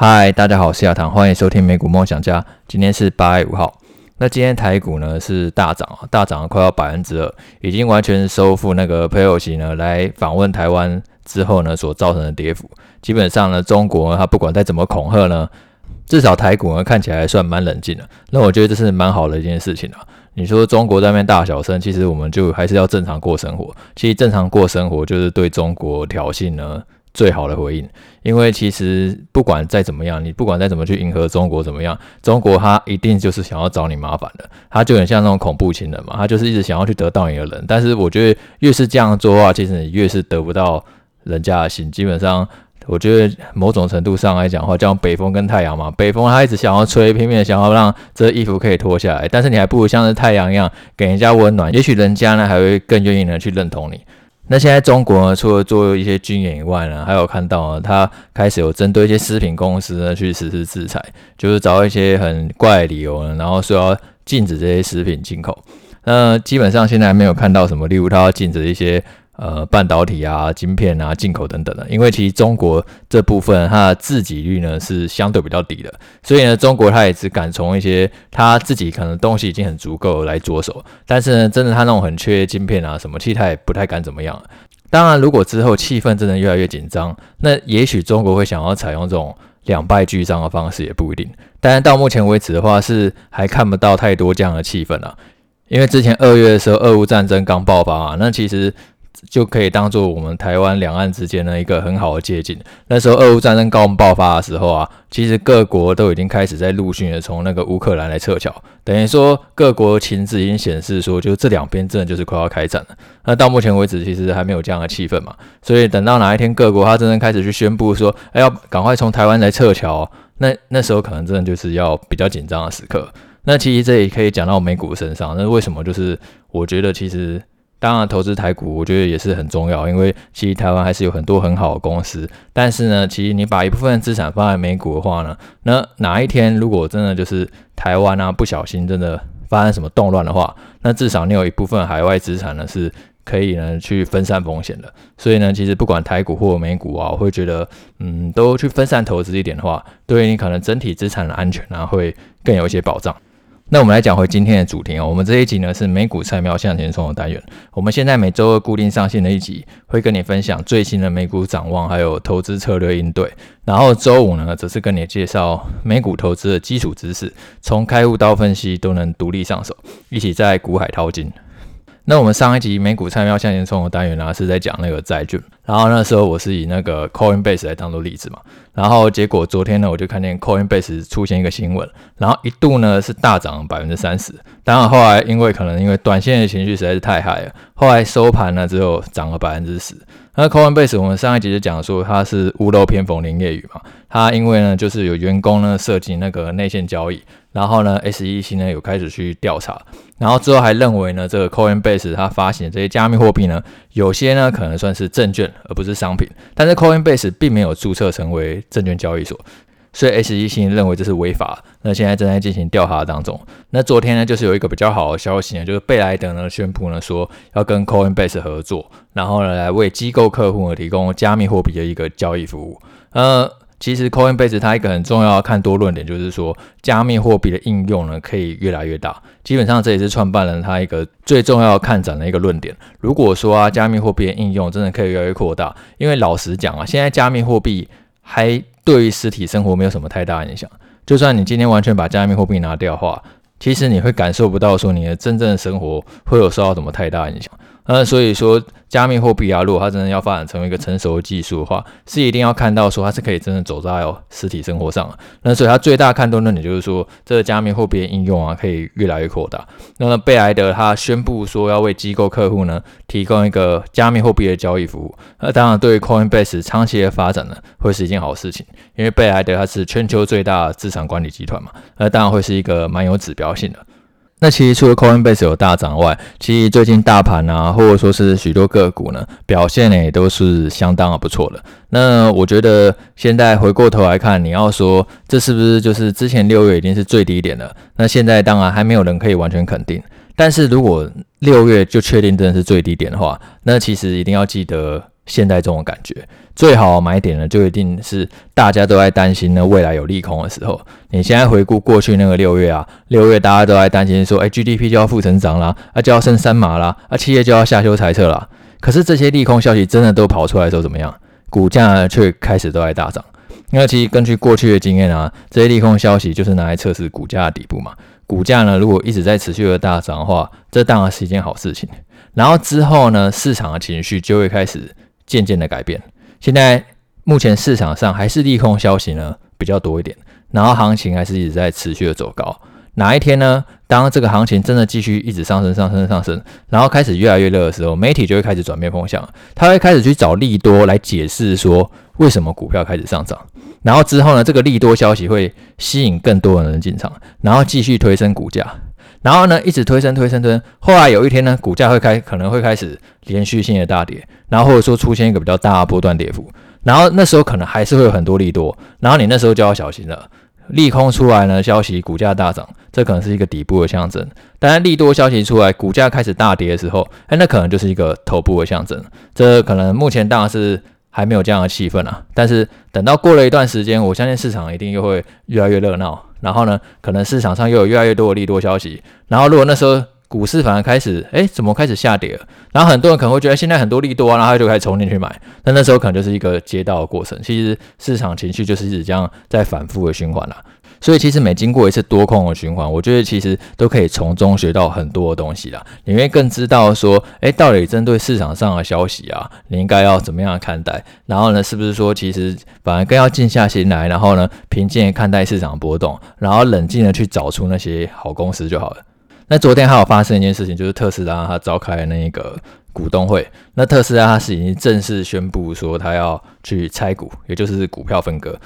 嗨，Hi, 大家好，我是亞堂，歡迎收聽美股夢想家。今天是八月五號，那今天台股呢是大漲啊，大漲了快要百分之二，已經完全收復那個佩洛西呢來訪問台灣之後呢所造成的跌幅。基本上呢，中國他不管再怎麼恐嚇呢，至少台股呢看起來還算蠻冷靜的。那我覺得這是蠻好的一件事情啊。你說中國在那邊大小聲，其實我們就還是要正常過生活。其實正常過生活就是對中國挑釁呢。最好的回應，因為其實不管再怎麼樣，你不管再怎麼去迎合中國怎麼樣，中國他一定就是想要找你麻煩的，他就很像那種恐怖情人嘛，他就是一直想要去得到你的人。但是我覺得越是這樣做的話，其實你越是得不到人家的心。基本上，我覺得某種程度上來講的話，叫北風跟太陽嘛，北風他一直想要吹，拼命想要讓這衣服可以脫下來，但是你還不如像是太陽一樣給人家溫暖，也許人家呢還會更願意呢去認同你。那現在中國呢，除了做一些軍演以外呢，還有看到呢，他開始有針對一些食品公司呢去實施制裁，就是找一些很怪的理由呢，然後說要禁止這些食品進口。那基本上現在還沒有看到什麼，例如他要禁止一些。呃，半導體啊，晶片啊，進口等等的，因為其實中國這部分它的自給率呢是相對比較低的，所以呢，中國它也只敢從一些它自己可能東西已經很足夠來着手，但是呢，真的它那種很缺晶片啊什麼其實，它也不太敢怎麼樣。當然，如果之後氣氛真的越來越緊張，那也許中國會想要採用這種兩敗俱傷的方式也不一定。但是到目前為止的話，是還看不到太多這樣的氣氛了、啊，因為之前二月的時候，俄烏戰爭剛爆發啊，那其實。就可以當做我們台灣兩岸之間的一個很好的借鏡。那時候俄烏戰爭剛爆發的時候啊，其實各國都已經開始在陸續的從那個烏克蘭來撤僑，等於說各國情勢已經顯示說，就這兩邊真的就是快要開戰了。那到目前為止，其實還沒有這樣的氣氛嘛，所以等到哪一天各國他真正開始去宣布說，哎、欸，要趕快從台灣來撤僑，那那時候可能真的就是要比較緊張的時刻。那其實這也可以講到美股身上，那為什麼就是我覺得其實。當然，投資台股我覺得也是很重要，因為其實台灣還是有很多很好的公司。但是呢，其實你把一部分資產放在美股的話呢，那哪一天如果真的就是台灣啊不小心真的發生什麼動亂的話，那至少你有一部分海外資產呢是可以呢去分散風險的。所以呢，其實不管台股或美股啊，我會覺得，嗯，都去分散投資一點的話，對於你可能整體資產的安全啊，會更有一些保障。那我們來講回今天的主題哦，我們這一集呢是美股菜喵向前衝的單元。我們現在每周二固定上線的一集，會跟你分享最新的美股展望，還有投資策略應對。然後周五呢，則是跟你介紹美股投資的基礎知識，從開戶到分析都能獨立上手，一起在股海淘金。那我們上一集美股菜喵向前衝的單元呢、啊，是在講那個債券，然後那時候我是以那個 Coinbase 來當做例子嘛，然後結果昨天呢，我就看見 Coinbase 出現一個新聞，然後一度呢是大漲百分之三十，當然後來因為可能因為短線的情緒實在是太嗨了，後來收盤呢只有漲了百分之十。那 Coinbase 我們上一集就講說它是屋漏偏逢連夜雨嘛。他因為呢，就是有員工呢涉及那個內線交易，然後呢，SEC 呢有開始去調查，然後之後還認為呢，這個 Coinbase 他發行的這些加密貨幣呢，有些呢可能算是證券而不是商品，但是 Coinbase 並沒有注冊成為證券交易所，所以 SEC 認為這是違法。那現在正在進行調查當中。那昨天呢，就是有一個比較好的消息呢，就是貝萊德呢宣布呢說要跟 Coinbase 合作，然後呢來為機構客戶呢提供加密貨幣的一個交易服務。嗯、呃。其實，Coinbase 它一個很重要的看多論點就是說，加密貨幣的應用呢可以越來越大。基本上這也是創辦人他一個最重要的看漲的一個論點。如果說啊，加密貨幣的應用真的可以越來越擴大，因為老實講啊，現在加密貨幣還對於實體生活沒有什麼太大影響。就算你今天完全把加密貨幣拿掉的話，其實你會感受不到說你的真正的生活會有受到什麼太大影響。那、嗯、所以說，加密貨幣啊，如果它真的要發展成為一個成熟的技術的話，是一定要看到說它是可以真的走在實體生活上的。那、嗯、所以它最大看多的點就是說，這個加密貨幣的應用啊，可以越來越擴大。嗯、那麼貝萊德它宣布說要為機構客戶呢提供一個加密貨幣的交易服務，那、嗯、當然對於 Coinbase 長期的發展呢，會是一件好事情，因為貝萊德它是全球最大資產管理集團嘛，那、嗯、當然會是一個蠻有指標性的。那其實除了 Coinbase 有大漲外，其實最近大盤啊，或者說是許多個股呢，表現呢也都是相當的不錯的。那我覺得現在回過頭來看，你要說這是不是就是之前六月已經是最低點了？那現在當然還沒有人可以完全肯定。但是如果六月就確定真的是最低點的話，那其實一定要記得。現在這種感覺，最好買點呢，就一定是大家都在擔心呢，未來有利空的時候。你現在回顧過去那個六月啊，六月大家都在擔心說，哎、欸、，GDP 就要負成長啦，啊就要升三碼啦，啊企業就要下修財測啦。可是這些利空消息真的都跑出來的時候怎麼樣？股價卻開始都在大漲。那其實根據過去的經驗啊，這些利空消息就是拿來測試股價的底部嘛。股價呢，如果一直在持續的大漲的話，這當然是一件好事情。然後之後呢，市場的情緒就會開始。漸漸的改變，現在目前市場上還是利空消息呢比較多一點，然後行情還是一直在持續的走高。哪一天呢？當這個行情真的繼續一直上升、上升、上升，然後開始越來越熱的時候，媒體就會開始轉變風向，他會開始去找利多來解釋說為什麼股票開始上漲。然後之後呢，這個利多消息會吸引更多的人進場，然後繼續推升股價。然後呢，一直推升、推升、推升，後來有一天呢，股價會開，可能會開始連續性的大跌，然後或者說出現一個比較大的波段跌幅，然後那時候可能還是會有很多利多，然後你那時候就要小心了。利空出來呢，消息股價大漲，這可能是一個底部的象徵。當然利多消息出來，股價開始大跌的時候，哎，那可能就是一個頭部的象徵。這可能目前當然是還沒有這樣的氣氛啊，但是等到過了一段時間，我相信市場一定又會越來越熱鬧。然後呢，可能市場上又有越來越多的利多消息。然後如果那時候股市反而開始，哎，怎麼開始下跌了？然後很多人可能會覺得現在很多利多啊，然後就開始衝進去買。但那時候可能就是一個接刀的過程。其實市場情緒就是一直這樣在反覆的循環了啊。所以其實每經過一次多空的循環，我覺得其實都可以從中學到很多的東西啦。你會更知道說，誒，到底針對市場上的消息啊，你應該要怎麼樣看待？然後呢，是不是說其實反而更要靜下心來，然後呢，平靜的看待市場波動，然後冷靜的去找出那些好公司就好了。那昨天還有發生一件事情，就是特斯拉它召開的那個股東會，那特斯拉他是已經正式宣布說他要去拆股，也就是股票分割。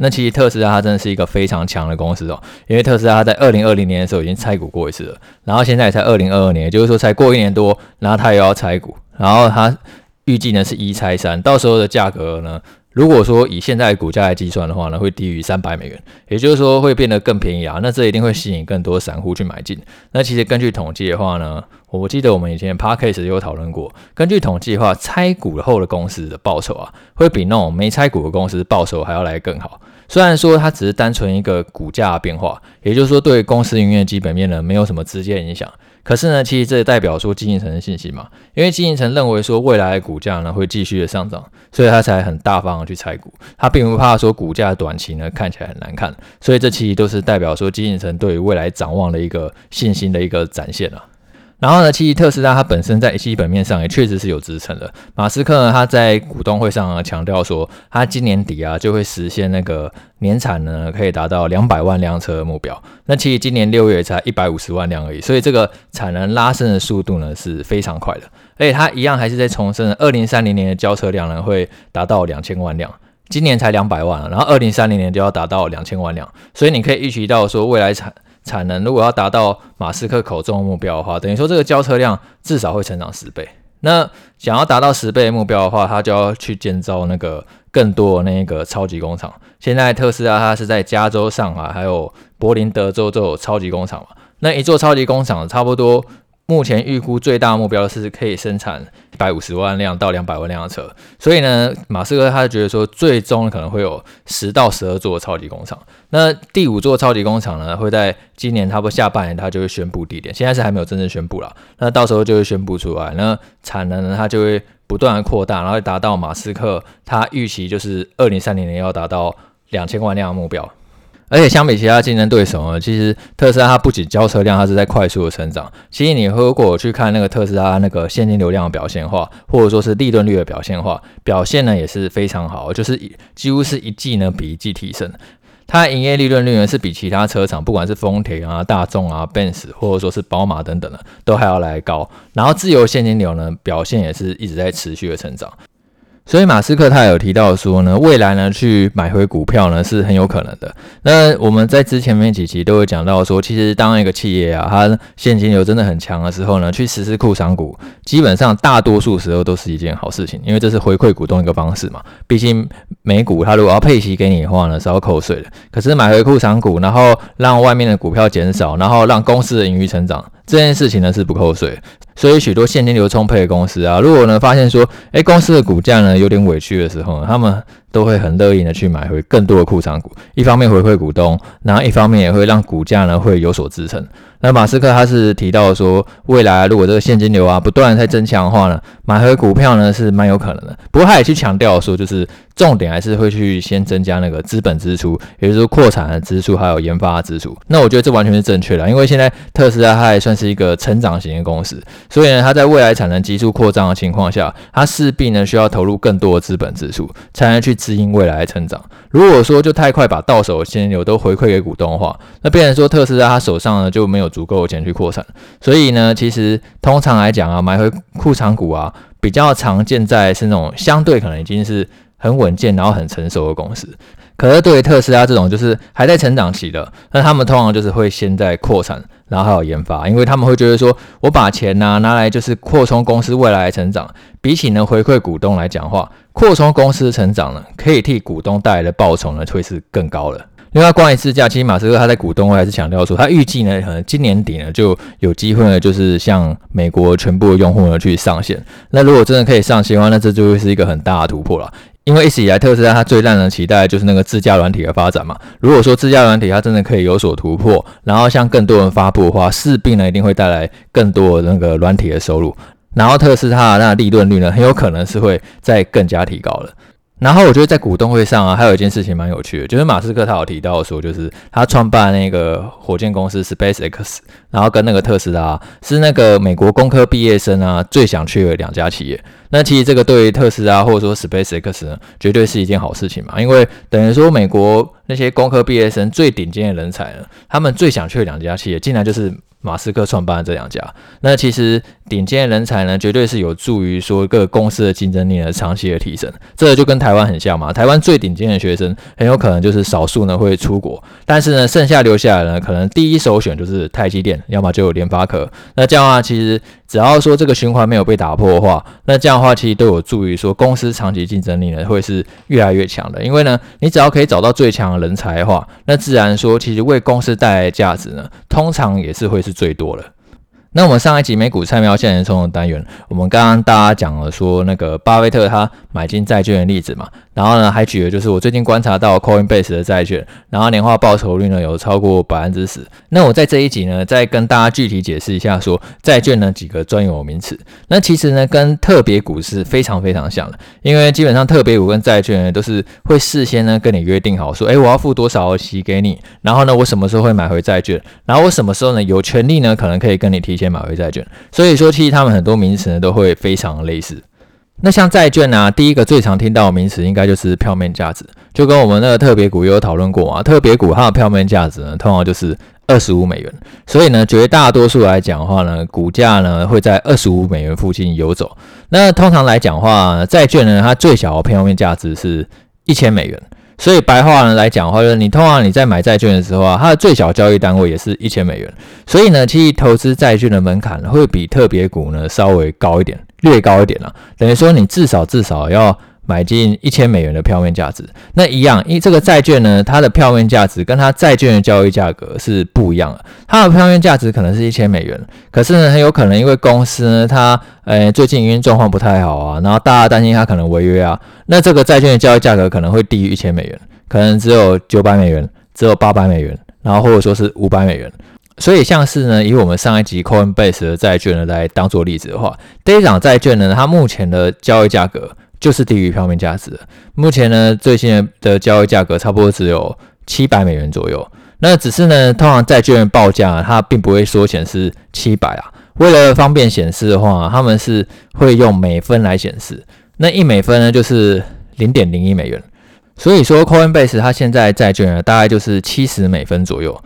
那其實特斯拉它，真的是一個非常強的公司哦，因為特斯拉它在二零二零年的時候已經拆股過一次了，然後現在也才二零二二年，也就是說才過一年多，然後它又要拆股，然後它預計呢是一拆三，到時候的價格呢，如果說以現在股價來計算的話呢，會低於三百美元，也就是說會變得更便宜啊。那這一定會吸引更多散戶去買進。那其實根據統計的話呢，我記得我們以前 podcast 有討論過。根據統計的話，拆股後的公司的報酬啊，會比那種沒拆股的公司報酬還要來更好。雖然說它只是單純一個股價變化，也就是說對公司營業基本面呢，沒有什麼直接影響。可是呢，其實這也代表說經營層的信心嘛，因為經營層認為說未來的股價呢會繼續的上漲，所以他才很大方的去拆股，他並不怕說股價短期呢看起來很難看，所以這其實都是代表說經營層對於未來展望的一個信心的一個展現了、啊。然後呢，其實特斯拉它本身在基本面上也確實是有支撐的。馬斯克呢，他在股東會上呢強調說，他今年底啊就會實現那個年產呢可以達到兩百萬輛車的目標。那其實今年六月才一百五十萬輛而已，所以這個產能拉升的速度呢是非常快的。而且他一樣還是在重申，二零三零年的交車量呢會達到兩千萬輛，今年才兩百萬，然後二零三零年就要達到兩千萬輛，所以你可以預期到說未來產。產能如果要達到馬斯克口中的目標的話，等於說這個交車量至少會成長十倍。那想要達到十倍的目標的話，他就要去建造那個更多的那個超級工廠。現在特斯拉它是在加州上、啊、上海還有柏林、德州都有超級工廠嘛。那一座超級工廠差不多。目前預估最大的目標是可以生產一百五十萬輛到兩百萬輛的車，所以呢，馬斯克他就覺得說，最終可能會有十到十二座超級工廠。那第五座超級工廠呢，會在今年差不多下半年他就會宣布地點，現在是還沒有真正宣布了。那到時候就會宣布出來，那產能呢，它就會不斷的擴大，然後達到馬斯克他預期就是二零三零年要達到兩千萬輛的目標。而且相比其他競爭對手呢，其實特斯拉它不僅交車量，它是在快速的成長。其實你如果過去看那個特斯拉那個現金流量的表現話，或者說是利潤率的表現話，表現呢也是非常好，就是幾乎是一季呢比一季提升。它營業利潤率呢是比其他車廠，不管是豐田啊、大眾啊、Benz，或者說是寶馬等等的，都還要來高。然後自由現金流呢，表現也是一直在持續的成長。所以馬斯克他有提到說呢，未來呢去買回股票呢是很有可能的。那我們在之前面幾集都有講到說，其實當一個企業啊，它現金流真的很強的時候呢，去實施庫藏股，基本上大多數時候都是一件好事情，因為這是回饋股東一個方式嘛。畢竟美股它如果要配息給你的話呢是要扣稅的，可是買回庫藏股，然後讓外面的股票減少，然後讓公司的盈餘成長，這件事情呢是不扣稅。所以許多現金流充沛的公司啊，如果呢發現說，欸，公司的股價呢有點委屈的時候呢，他們都會很樂意的去買回更多的庫藏股，一方面回饋股東，然後一方面也會讓股價呢會有所支撐。那馬斯克他是提到說，未來如果這個現金流啊不斷在增強的話呢，買回股票呢是蠻有可能的。不過他也去強調說，就是重點還是會去先增加那個資本支出，也就是說擴產的支出還有研發的支出。那我覺得這完全是正確的，因為現在特斯拉它還算是一個成長型的公司。所以呢，它在未來產能急速擴張的情況下，它勢必呢需要投入更多的資本支出，才能去支應未來的成長。如果說就太快把到手的現金流都回饋給股東的話，那變成說特斯拉他手上呢就沒有足夠的錢去擴產。所以呢，其實通常來講啊，買回庫藏股啊，比較常見在是那種相對可能已經是很穩健，然後很成熟的公司。可是對於特斯拉這種就是還在成長期的，那他們通常就是會先在擴產。然後還有研發，因為他們會覺得說，我把錢呢、啊、拿來就是擴充公司未來的成長，比起呢回饋股東來講話，擴充公司成長呢，可以替股東帶來的報酬，呢會是更高了。另外關於自駕，其實馬斯克他在股東會還是強調說，他預計呢可能今年底呢就有機會呢就是向美國全部的用戶呢去上線。那如果真的可以上線的話，那這就會是一個很大的突破了。因為一直以來，特斯拉它最讓人期待的就是那個自駕軟體的發展嘛。如果說自駕軟體它真的可以有所突破，然後向更多人發布的話，勢必呢一定會帶來更多的那個軟體的收入，然後特斯拉那利潤率呢很有可能是會再更加提高了。然後我覺得在股東會上啊，還有一件事情蠻有趣的，就是馬斯克他有提到說，就是他創辦那個火箭公司 SpaceX，然後跟那個特斯拉是那個美國工科畢業生啊最想去的兩家企業。那其實這個對於特斯拉或者說 SpaceX 呢，絕對是一件好事情嘛，因為等於說美國那些工科畢業生最頂尖的人才呢，他們最想去的兩家企業，竟然就是馬斯克創辦的這兩家。那其實頂尖的人才呢，絕對是有助於說各個公司的競爭力的長期的提升。這個就跟台灣很像嘛，台灣最頂尖的學生很有可能就是少數呢會出國，但是呢剩下留下來呢，可能第一首選就是台積電，要麼就有聯發科。那這樣的話其實。只要說這個循環沒有被打破的話，那這樣的話其實都有助於說公司長期競爭力呢，會是越來越強的。因為呢，你只要可以找到最強的人才的話，那自然說其實為公司帶來的價值呢，通常也是會是最多的。那我們上一集美股菜喵向前衝的單元，我們剛剛大家講了說那個巴菲特，他買進債券的例子嘛，然後呢還舉的就是我最近觀察到 Coinbase 的債券，然後年化報酬率呢有超過百分之十。那我在這一集呢再跟大家具體解釋一下說債券的幾個專有名詞。那其實呢跟特別股是非常非常像的，因為基本上特別股跟債券都、就是會事先呢跟你約定好說，哎、欸、我要付多少息給你，然後呢我什麼時候會買回債券，然後我什麼時候呢有權利呢可能可以跟你提。一些美國債券，所以說其實他們很多名詞呢都會非常類似。那像債券呢啊，第一個最常聽到的名詞應該就是票面價值，就跟我們那個特別股有討論過啊。特別股它的票面價值呢，通常就是二十五美元，所以呢絕大多數來講的話呢，股價呢會在二十五美元附近遊走。那通常來講的話，債券呢它最小的票面價值是一千美元。所以白話來講的話，就是你通常你在買債券的時候啊，它的最小的交易單位也是一千美元，所以呢，其實投資債券的門檻會比特別股呢稍微高一點，略高一點啊。等於說，你至少至少要買進一千美元的票面價值，那一樣，因為這個債券呢，它的票面價值跟它債券的交易價格是不一樣的。它的票面價值可能是一千美元，可是呢，很有可能因為公司呢，它，呃、欸，最近營運狀況不太好啊，然後大家擔心它可能違約啊，那這個債券的交易價格可能會低於一千美元，可能只有九百美元，只有八百美元，然後或者說是五百美元。所以，像是呢，以我們上一集 Coinbase 的債券呢，來當做例子的話，這一張債券呢，它目前的交易價格。就是低於票面價值的。目前呢，最新的交易價格差不多只有七百美元左右。那只是呢，通常債券報價啊，它並不會說顯示七百啊。為了方便顯示的話，他們是會用美分來顯示。那一美分呢，就是零點零一美元。所以說，Coinbase 它現在債券呢，大概就是七十美分左右。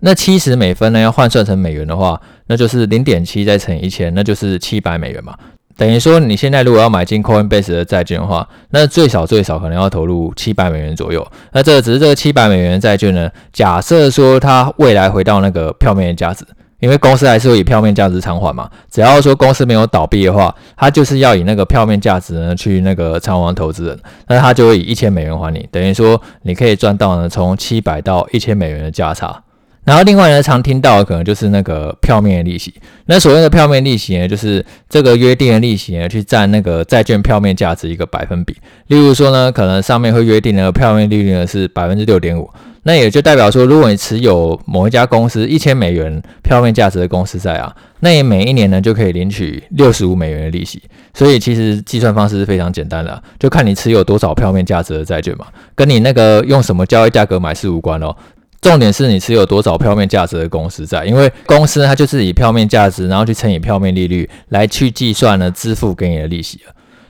那七十美分呢，要換算成美元的話，那就是零點七再乘以一千，那就是七百美元嘛。等於說，你現在如果要買進 Coinbase 的債券的話，那最少最少可能要投入七百美元左右。那這只是這個七百美元債券呢，假設說它未來回到那個票面價值，因為公司還是會以票面價值償還嘛。只要說公司沒有倒閉的話，它就是要以那個票面價值呢去那個償還投資人，那它就會以一千美元還你。等於說，你可以賺到呢從七百到一千美元的價差。然後另外呢，常聽到的可能就是那個票面利息。那所謂的票面利息呢，就是這個約定的利息呢，去佔那個債券票面價值一個百分比。例如說呢，可能上面會約定的票面利率呢是百分之六點五，那也就代表說，如果你持有某一家公司一千美元票面價值的公司債啊，那也每一年呢就可以領取六十五美元的利息。所以其實計算方式是非常簡單的啊，就看你持有多少票面價值的債券嘛，跟你那個用什麼交易價格買是無關哦。重點是你持有多少票面價值的公司債，因為公司它就是以票面價值，然後去乘以票面利率來去計算呢支付給你的利息。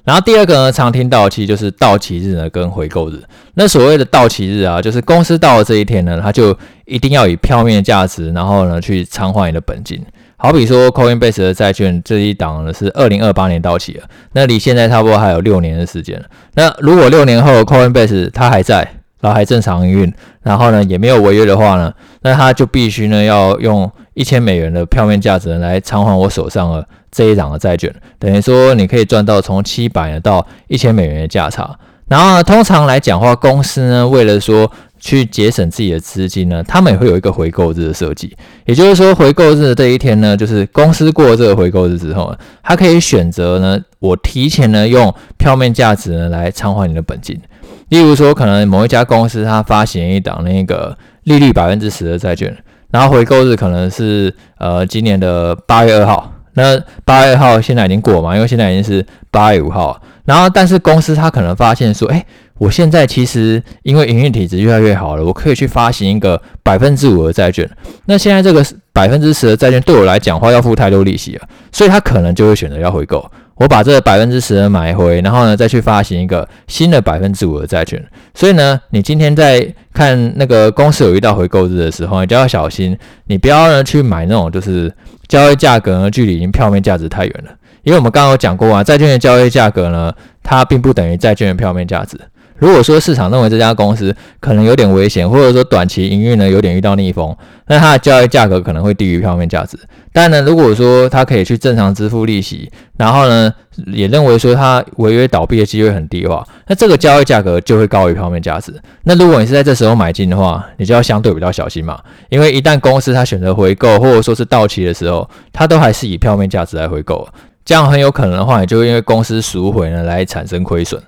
然後第二個呢，常聽到期就是到期日呢跟回購日。那所謂的到期日啊，就是公司到了這一天呢，它就一定要以票面價值，然後呢去償還你的本金。好比說，Coinbase 的債券這一檔呢是二零二八年到期了，那離現在差不多還有六年的時間了，那如果六年後 Coinbase 它還在。然後還正常營運，然後呢也沒有違約的話呢，那他就必須呢要用一千美元的票面價值呢來償還我手上的這一檔的債券，等於說你可以賺到從七百到一千美元的價差。然後呢通常來講的話，公司呢為了說去節省自己的資金呢，他們也會有一個回購日的設計，也就是說回購日的這一天呢，就是公司過了這個回購日之後呢，他可以選擇呢我提前呢用票面價值呢來償還你的本金。例如說，可能某一家公司它發行一檔那個利率百分之十的債券，然後回購日可能是呃今年的八月二號。那八月二號現在已經過嘛？因為現在已經是八月五號。然後，但是公司它可能發現說，哎、欸，我現在其實因為營運體質越來越好了，我可以去發行一個百分之五的債券。那現在這個百分之十的債券對我來講的話要付太多利息了，所以它可能就會選擇要回購。我把這百分之十的買回，然後呢再去發行一個新的百分之五的債券。所以呢，你今天在看那個公司有遇到回購日的時候，你就要小心，你不要呢去買那種就是交易價格呢距離已經票面價值太遠了。因為我們剛剛有講過啊，債券的交易價格呢，它並不等於債券的票面價值。如果說市場認為這家公司可能有點危險，或者說短期營運呢有點遇到逆風，那它的交易價格可能會低於票面價值。但呢，如果說它可以去正常支付利息，然後呢，也認為說它違約倒閉的機會很低的話，那這個交易價格就會高於票面價值。那如果你是在這時候買進的話，你就要相對比較小心嘛，因為一旦公司它選擇回購或者說是到期的時候，它都還是以票面價值來回購，這樣很有可能的話，你就會因為公司贖回呢來產生虧損。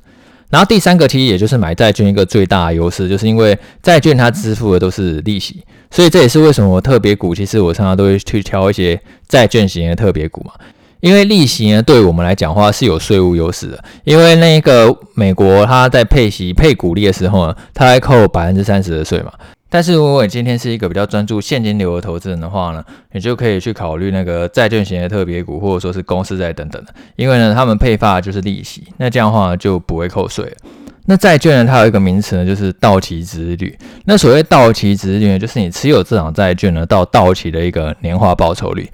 然後第三個其實也就是買債券一個最大的優勢，就是因為債券它支付的都是利息，所以這也是為什麼我特別股，其實我常常都會去挑一些債券型的特別股嘛，因為利息呢，對我們來講的話是有稅務優勢的，因為那個美國它在配息配股利的時候呢，它還扣百分之三十的稅嘛。但是，如果你今天是一個比較專注現金流的投資人的話呢，你就可以去考慮那個債券型的特別股，或者說是公司債等等的，因為呢，他們配發的就是利息，那這樣的話呢就不會扣稅了。那債券呢，它有一個名詞呢，就是到期殖率。那所謂到期殖率，就是你持有這張債券呢，到到期的一個年化報酬率。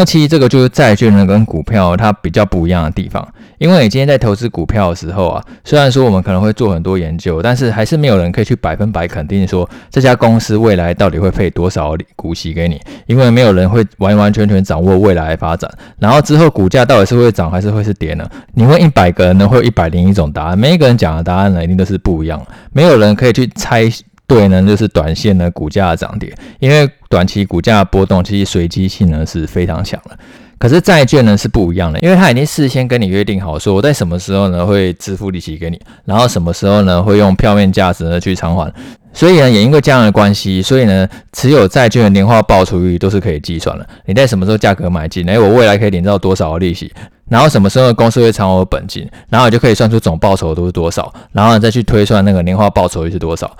那其實這個就是債券呢跟股票它比較不一樣的地方，因為你今天在投資股票的時候啊，雖然說我們可能會做很多研究，但是還是沒有人可以去百分百肯定說這家公司未來到底會配多少股息給你，因為沒有人會完完全全掌握未來的發展，然後之後股價到底是會漲還是會是跌呢？你問一百個人呢，會有一百零一種答案，每一個人講的答案呢一定都是不一樣，沒有人可以去猜。對呢，就是短線的股價的漲跌，因為短期股價的波動其實隨機性呢是非常強的。可是債券呢是不一樣的，因為它已經事先跟你約定好說，說我在什麼時候呢會支付利息給你，然後什麼時候呢會用票面價值呢去償還。所以呢，也因為這樣的關係，所以呢持有債券的年化報酬率都是可以計算的。你在什麼時候價格買進誒，我未來可以領到多少的利息，然後什麼時候公司會償還我本金，然後就可以算出總報酬都是多少，然後呢再去推算那個年化報酬率是多少。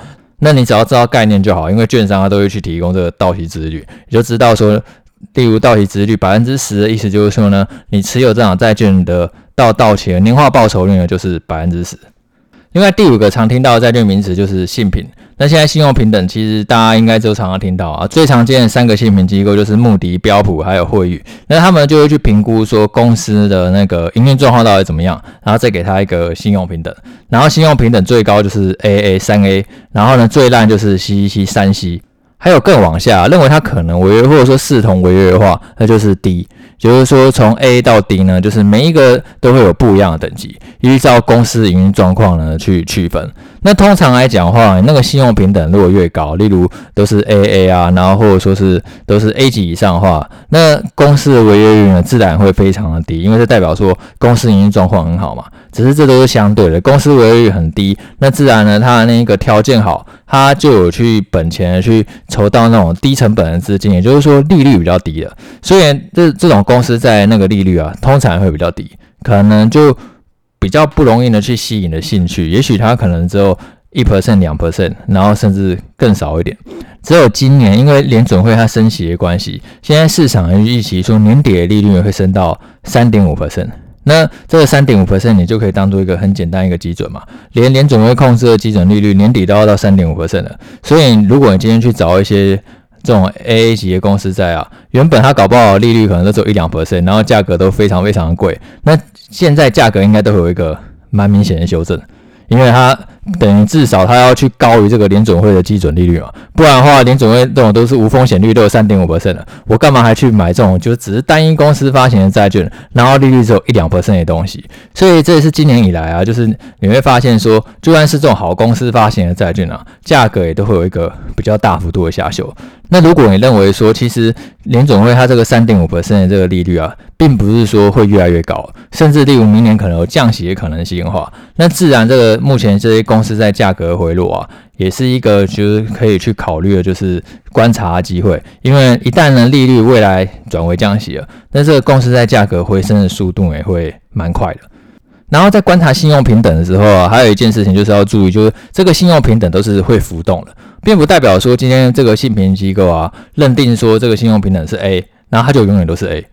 那你只要知道概念就好，因為券商，它都會去提供這個到期殖率，你就知道說，例如到期殖率百分之十的意思就是說呢，你持有這張債券的到到期年化報酬率呢就是百分之十。另外第五個常聽到的債券名詞就是信評。那現在信用評等，其實大家應該都常常聽到啊。最常見的三個信評機構就是穆迪、標普還有惠譽，那他們就會去評估說公司的那個營運狀況到底怎麼樣，然後再給他一個信用評等。然後信用評等最高就是 AA 三 A，然後呢最爛就是 CCC 三 C。還有更往下，認為它可能違約，或者說視同違約的話，那就是 D，就是說從 A 到 D 呢，就是每一個都會有不一樣的等級，依照公司營運狀況呢去區分。那通常來講的話，那個信用評等如果越高，例如都是 AA 啊，然後或者說是都是 A 級以上的話，那公司的違約率呢，自然會非常的低，因為這代表說公司營運狀況很好嘛。只是這都是相對的，公司違約率很低，那自然呢，它那個條件好，它就有去本錢去籌到那種低成本的資金，也就是說利率比較低的。雖然這這種公司在那個利率啊，通常會比較低，可能就比較不容易的去吸引的興趣。也許它可能只有一 percent、兩 percent，然後甚至更少一點。只有今年，因為聯準會它升息的關係，現在市場預期說年底的利率會升到三點五 percent。那這個三點五 percent 你就可以當做一個很簡單一個基準嘛，連聯準會控制的基準利率年底都要到三點五 percent 了，所以如果你今天去找一些這種 AA 級的公司債啊，原本它搞不好的利率可能都只有一兩 percent，然後價格都非常非常貴，那現在價格應該都會有一個蠻明顯的修正，因為它。等於至少他要去高於這個聯準會的基準利率嘛，不然的話，聯準會這種都是無風險率都有三點五 percent 了，啊、我幹嘛還去買這種就只是單一公司發行的債券，然後利率只有一兩 percent 的東西？所以這也是今年以來啊，就是你會發現說，就算是這種好公司發行的債券啊，價格也都會有一個比較大幅度的下修。那如果你認為說，其實聯準會它這個三點五%的這個利率啊，並不是說會越來越高，甚至例如明年可能有降息的可能性的話，那自然這個目前這些公司債價格回落啊，也是一個就是可以去考慮的，就是觀察機會。因為一旦呢利率未來轉為降息了，那這個公司債價格回升的速度也會蠻快的。然後在觀察信用評等的時候啊，還有一件事情就是要注意，就是這個信用評等都是會浮動的。並不代表說今天這個信評機構啊認定說這個信用評等是 A，然後它就永遠都是 A。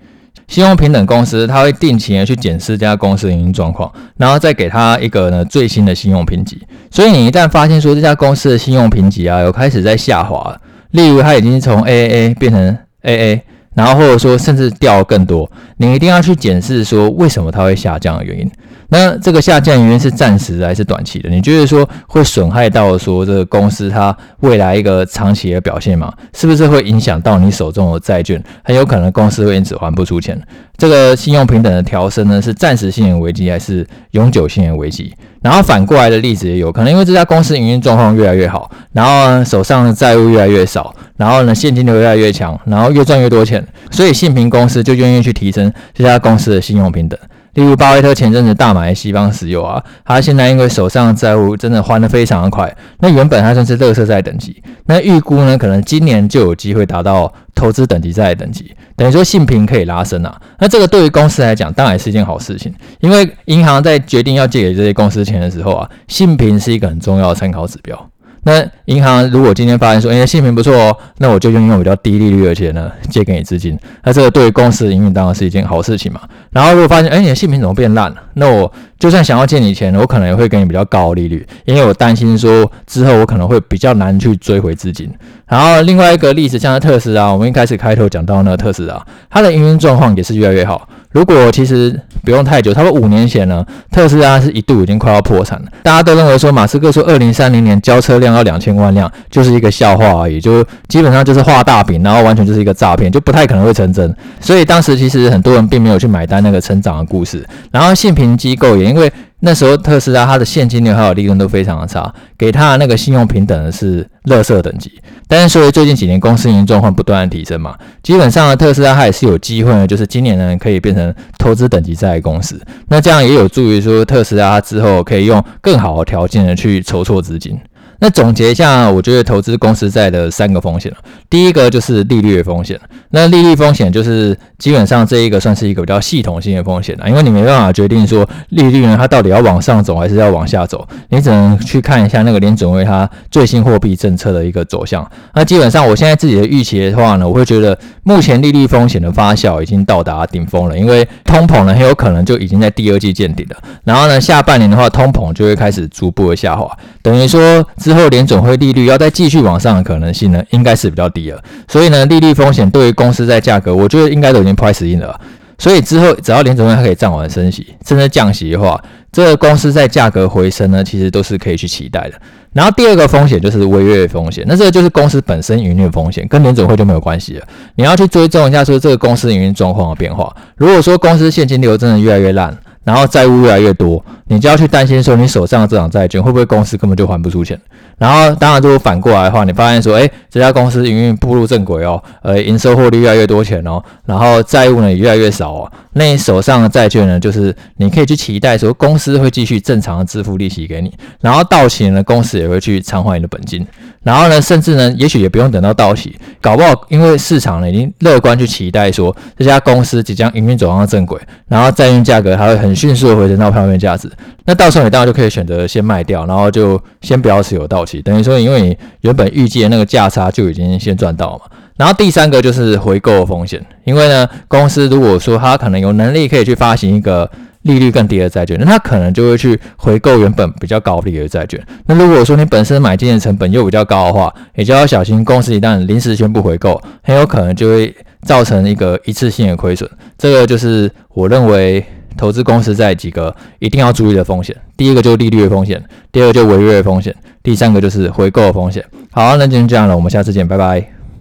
信用評等公司它會定期的去檢視這家公司的營運狀況，然後再給它一個呢最新的信用評級。所以你一旦發現說這家公司的信用評級啊有開始在下滑，例如它已經從 AAA 變成 AA，然後或者說甚至掉更多，你一定要去檢視說為什麼它會下降的原因。那這個下降原因是暫時還是短期的？你就是說會損害到說這個公司它未來一個長期的表現嗎？是不是會影響到你手中的債券？很有可能公司會因此還不出錢。這個信用評等的調升呢，是暫時性的危機還是永久性的危機？然後反過來的例子也有可能，因為這家公司營運狀況越來越好，然後手上的債務越來越少，然後呢現金流越來越強，然後越賺越多錢，所以信評公司就願意去提升這家公司的信用評等。例如巴菲特前陣子大買西方石油啊，他現在因為手上債務真的還得非常的快，那原本他算是垃圾債等級，那預估呢可能今年就有機會達到投資等級債等級，等於說信評可以拉升啊，那這個對於公司來講當然是一件好事情，因為銀行在決定要借給這些公司錢的時候啊，信評是一個很重要的參考指標。那銀行如果今天發現說，誒信評不錯哦，那我就用用比較低利率的錢呢借給你資金，那這個對於公司的營運當然是一件好事情嘛。然後如果發現，哎，你的信評怎麼變爛了？那我，就算想要借你錢，我可能也會給你比較高利率，因為我擔心說之後我可能會比較難去追回資金。然後另外一個例子，像是特斯拉，我們一開始開頭講到那個特斯拉它的營運狀況也是越來越好。如果其實不用太久，差不多五年前呢，特斯拉是一度已經快要破產了。大家都認為說，馬斯克說二零三零年交車量要兩千萬輛，就是一個笑話而已，就基本上就是畫大餅，然後完全就是一個詐騙，就不太可能會成真。所以當時其實很多人並沒有去買單那個成長的故事。然後信評機構也。因為那時候特斯拉它的現金流還有利潤都非常的差，給它的那個信用評等的是垃圾等級。但是所以最近幾年公司營運狀況不斷提升嘛，基本上特斯拉還是有機會的，就是今年呢可以變成投資等級債公司。那這樣也有助於說特斯拉之後可以用更好的條件去籌措資金。那總結一下，我覺得投資公司債的三個風險，第一個就是利率的風險，那利率風險就是。基本上這一個算是一個比較系統性的風險了，因為你沒辦法決定說利率呢，它到底要往上走還是要往下走，你只能去看一下那個聯準會它最新貨幣政策的一個走向。那基本上我現在自己的預期的話呢，我會覺得目前利率風險的發酵已經到達頂峰了，因為通膨呢很有可能就已經在第二季見頂了，然後呢下半年的話，通膨就會開始逐步的下滑，等於說之後聯準會利率要再繼續往上的可能性呢，應該是比較低了。所以呢，利率風險對於公司在價格，我覺得應該都。不太適應了，所以之後只要聯準會它可以暫緩升息，甚至降息的話，這個公司在價格回升呢，其實都是可以去期待的。然後第二個風險就是違約風險，那這個就是公司本身營運風險，跟聯準會就沒有關係了。你要去追蹤一下說這個公司營運狀況的變化，如果說公司現金流真的越來越爛。然後債務越來越多，你就要去擔心說，你手上的這檔債券會不會公司根本就還不出錢？然後當然如果反過來的話，你發現說，哎，這家公司營運，運步，步入正軌哦，呃，營收獲利越來越多錢哦，然後債務呢也越來越少哦。那你手上的債券呢？就是你可以去期待說，公司會繼續正常的支付利息給你，然後到期呢，公司也會去償還你的本金。然後呢，甚至呢，也許也不用等到到期，搞不好因為市場呢已經樂觀去期待說，這家公司即將營運走上正軌，然後債券價格還會很迅速的回升到票面價值。那到時候你當然就可以選擇先賣掉，然後就先不要持有到期。等於說，因為你原本預計的那個價差就已經先賺到了嘛。然後第三個就是回購的風險，因為呢，公司如果說它可能有能力可以去發行一個利率更低的債券，那它可能就會去回購原本比較高的利率債券。那如果說你本身買進的成本又比較高的話，也就要小心公司一旦臨時宣布回購，很有可能就會造成一個一次性的虧損。這個就是我認為投資公司債幾個一定要注意的風險。第一個就是利率的風險，第二個就是違約的風險，第三個就是回購的風險。好，那今天這樣了，我們下次見，拜拜。